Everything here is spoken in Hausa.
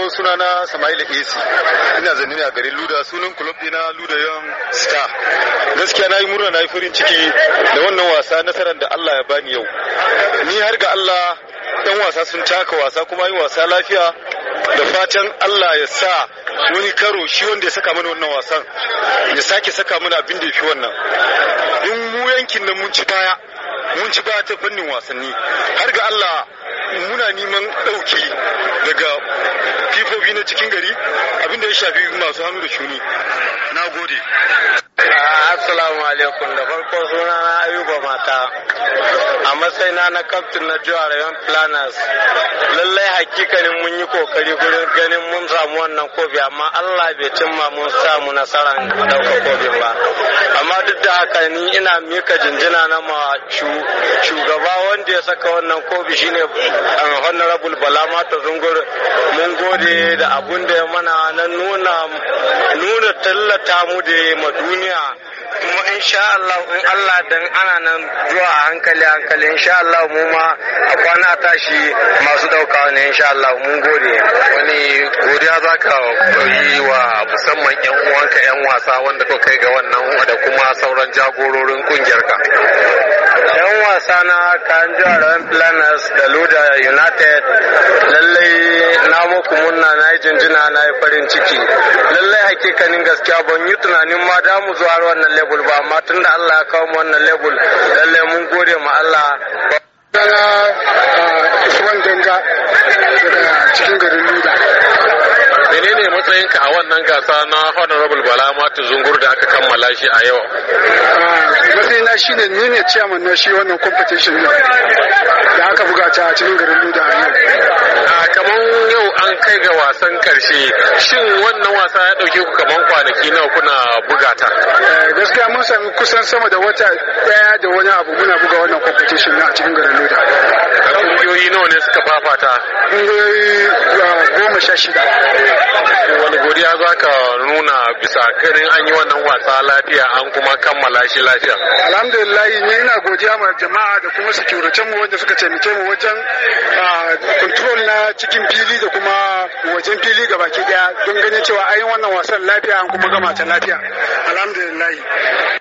farko suna na Samaila AC. Ina zanne ne a garin Luda sunan club dina Luda Young Star. Gaskiya na yi murna na farin ciki da wannan wasa nasarar da Allah ya bani yau. Ni har ga Allah dan wasa sun taka wasa kuma yi wasa lafiya da fatan Allah ya sa wani karo shi wanda ya saka mana wannan wasan ya sake saka mana abin da ya wannan. In mu yankin nan mun ci baya mun ci baya ta fannin wasanni har ga Allah muna neman ɗauki cikin gari abin da ya shafi masu hannu da shuni na gode assalamu alaikum da farko suna na ayuba mata a matsayina na kaftin na jiwa rayon planners lallai hakikanin mun yi kokari gurin ganin mun samu wannan kofi amma allah bai cimma mun samu nasarar ɗaukar kofi ba amma duk da haka ni ina mika jinjina na ma shugaba wanda ya saka wannan kofi shine eh, honorable bala mata zungur mun gode da abun da ya mana na nuna da tallata mu da ma duniya kuma insha Allah in Allah dan ana nan zuwa hankali hankali insha Allah mu ma a kwana tashi masu dauka ne insha Allah mun gode wani godiya zaka yi wa musamman yan uwanka yan wasa wanda ka kai ga wannan da kuma sauran jagororin kungiyar ka yan wasa na kan Arawan Planners da Luda United lallai na muku munna na yi jinjina na yi farin ciki hakikanin gaskiya ban yi tunanin ma da mu zuwa wannan label ba amma da Allah ya kawo mu wannan label lallai mun gode ma Allah Dana eh, Usman Ganga daga cikin garin Luda. Menene matsayinka a wannan gasa na Honorable Bala Matu Zungur da aka kammala shi a yau? Eh, matsayina shi ne ni ne chairman na shi wannan competition ne da aka buga ta a cikin garin Luda a yau. Ah, Kamar yau an kai ga wasan karshe shin wannan wasa ya dauke ku kaman kwanaki nawa kuna buga ta eh, gaskiya mun sami kusan sama da wata daya da wani abu muna buga wannan competition na a cikin garin Loda. kungiyoyi nawa ne suka fafata kungiyoyi ah, goma sha shida eh, wani nuna bisa ganin an yi wannan wasa lafiya an kuma kammala shi lafiya. Alhamdulillah ni ina godiya ma jama'a da kuma security mu wanda suka taimake mu wajen control na cikin fili da kuma wajen fili ga baki daya don ganin cewa an yi wannan wasan lafiya an kuma gama ta lafiya. Alhamdulillah.